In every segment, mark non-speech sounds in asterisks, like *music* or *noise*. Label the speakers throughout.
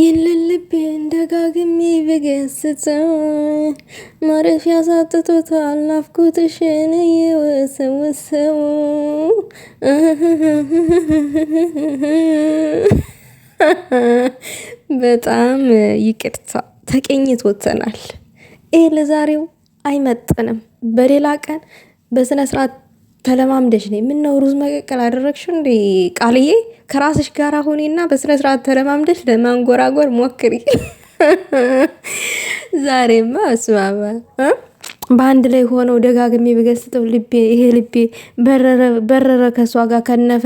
Speaker 1: ይህንን ልቤን ደጋግሜ ብገስጸው ማረፊያ ሳጥቶታል ናፍቆትሽን እየወሰወሰው በጣም ይቅርታ ተቀኝት ወተናል። ይህ ለዛሬው አይመጥንም። በሌላ ቀን በስነ ስርዓት ተለማምደሽ ነው የምነው። ሩዝ መቀቀል አደረግሽው እንዴ ቃልዬ? ከራስሽ ጋር ሆኔና በስነ ስርዓት ተለማምደሽ ለማንጎራጎር ሞክሪ። *laughs* ዛሬማ እስማማ በአንድ ላይ ሆነው ደጋግሜ በገስጠው ልቤ ይሄ ልቤ በረረ ከእሷ ጋር ከነፈ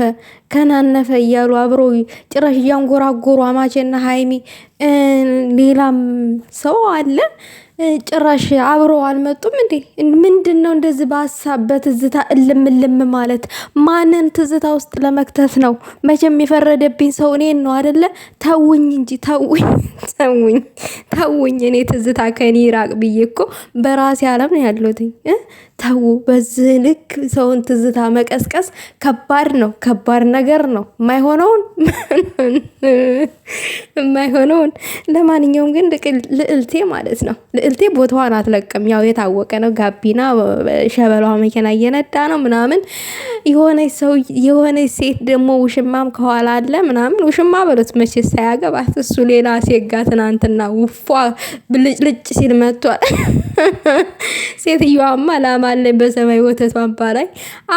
Speaker 1: ከናነፈ እያሉ አብረው ጭራሽ እያንጎራጎሩ አማቼና ሀይሚ ሌላም ሰው አለ። ጭራሽ አብረው አልመጡም እንዴ? ምንድን ነው እንደዚህ በሀሳብ በትዝታ እልም እልም ማለት? ማንን ትዝታ ውስጥ ለመክተት ነው? መቼም የፈረደብኝ ሰው እኔን ነው አደለ? ተውኝ እንጂ ተውኝ፣ ተውኝ፣ ተውኝ። እኔ ትዝታ ከኔ ራቅ ብዬ እኮ በራሴ አለም ነው ያለትኝ። ተው። በዚህ ልክ ሰውን ትዝታ መቀስቀስ ከባድ ነው፣ ከባድ ነገር ነው። ማይሆነውን የማይሆነውን *laughs* ይሁን። ለማንኛውም ግን ልዕልቴ ማለት ነው ልዕልቴ ቦታዋን አትለቅም። ያው የታወቀ ነው። ጋቢና ሸበሏ መኪና እየነዳ ነው ምናምን የሆነ ሴት ደግሞ ውሽማም ከኋላ አለ ምናምን ውሽማ በሉት መቼ ሳያገባት እሱ ሌላ ሴት ጋ ትናንትና ውፏ ብልጭልጭ ሲል መጥቷል። *laughs* ሴትዮዋማ ላማለኝ በሰማይ ወተት ማንባ ላይ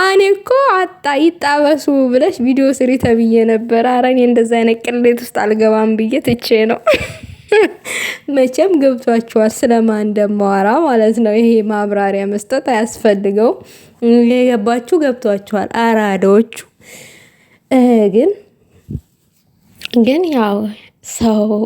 Speaker 1: እኔ እኮ አጣ ይጣበሱ ብለሽ ቪዲዮ ስሪ ተብዬ ነበር። አረኔ እኔ አይነት ቅሌት ውስጥ አልገባም ብዬ ትቼ ነው። *laughs* መቼም ገብቷችኋል ስለማ እንደማወራ ማለት ነው። ይሄ ማብራሪያ መስጠት አያስፈልገው። የገባችሁ ገብቷችኋል አራዳዎቹ። ግን
Speaker 2: ግን ያው ሰው